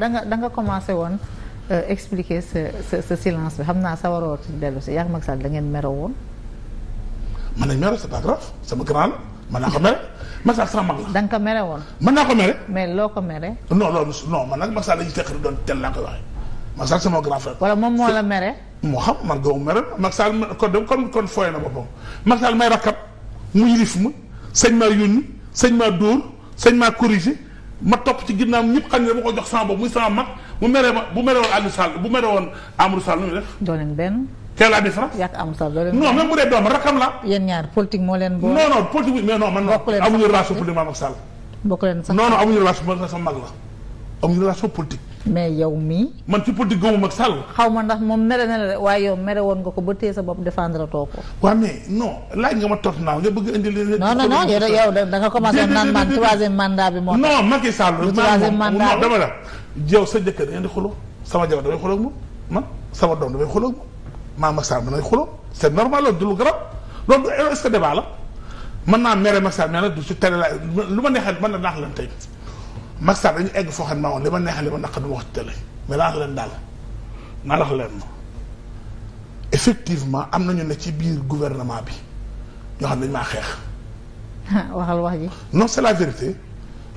da nga da nga commencé woon euh, expliquer sa sa sa silence bi xam naa sa waroo dellu si yàgg Macky Sall da ngeen meroo woon. man nañ mere c'est pas grave sama grand la mën naa ko mere Macky sama ko mere woon. mën naa ko mere. mais loo ko mere. non loolu non man nag Macky Sall dañuy teq di doon tel laa koy waxee Macky Sall sama grand frère. wala moom moo la mere. moo xam man gaw mere Macky Sall kon kon kon fooyee na boppam Macky Sall may rakkab mu yilif ma sëñ ma yónni sëñ ma dóor sëñ maa corrigé. ma topp ci ginnaaw ñëpp xam ne dama ko jox sama bopp muy sama mag mu meree ma bu meree woon Aliou Sall bu meree woon Amadou Sall nu muy def. doo leen benn. quelle la différence. yàq Amadou Sall doo leen non même bu dee doom rakam la. yéen ñaar politique moo leen. boole non non politique mais non man. bokk leen sax amuñu relation ma sax non non amuñu relation sama mag la amuñu mais yow mii. man ci politique gëmum ak Sall. xaw ma ndax moom mere na la de waaye yow mere woon nga ko ba téye sa bopp défendre too ko. waaw mais non laaj nga ma tot naaw nga bëgg a indi. non non non yow da nga commencé naan man troisième mandat bi moo. non Macky Sall. lu troisième mandat bi dama la. yow sa jëkkër da ngeen di xuloo sama jabar damay xuloo ak moom man sama doom damay xuloo ak moom maam ak Sall damay xuloo c'est normal loolu du lu garab loolu du est-ce que débat la mën naa mere Macky Sall mais nag du ci tere la lu ma neexee mën na naax leen tey. Macky Sall dañu egg foo xam ne maa li ma neex li ma naq du ma wax ci mais laa leen daal naa wax leen ma effectivement am nañu ne ci biir gouvernement bi ñoo xam ne dañu maa xeex. waxal wax ji. non c'est la vérité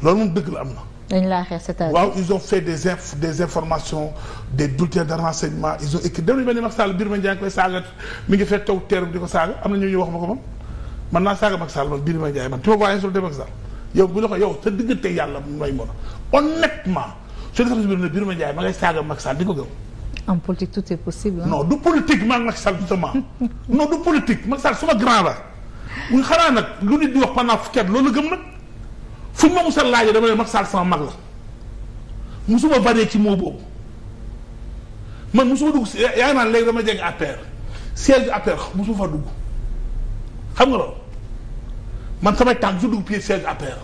loolu moom dëgg la am na. dañ laa xeex c'est-à-dire waaw ils ont fait des inf des informations des bulletins de renseignement ils ont écrit dem nañu ba ne biir ma Ndiaye koy saaga mi ngi fekk toog teeram di ko saaga am na ñu ñu wax ma ko moom man naa saaga Macky Sall man yow bu la ko yow sa diggante yàlla mooy mën honnêtement su dee sax biir ne Birima Ndiaye ma ngay saaga Macky Sall di ko gëm. en politique tout est possible. non du politique maa ngi Macky Sall justement non du politique Macky Sall suma grand la muy xanaa nag lu nit di wax fu ma musa laaj dama ne Macky Sall sama mag la musuma varié ci moo boobu man musuma dugg yaa ngi naan léegi dama jege APR siège APR musuma fa dugg xam nga loolu. man samay tànk toujours dugg pied siège APR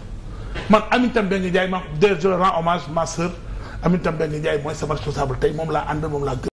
man Aminata Mbengue Ndiaye ma de je rends hommage ma sœur Aminata Mbengue Ndiaye mooy sama responsable tey moom laa ànd moom laa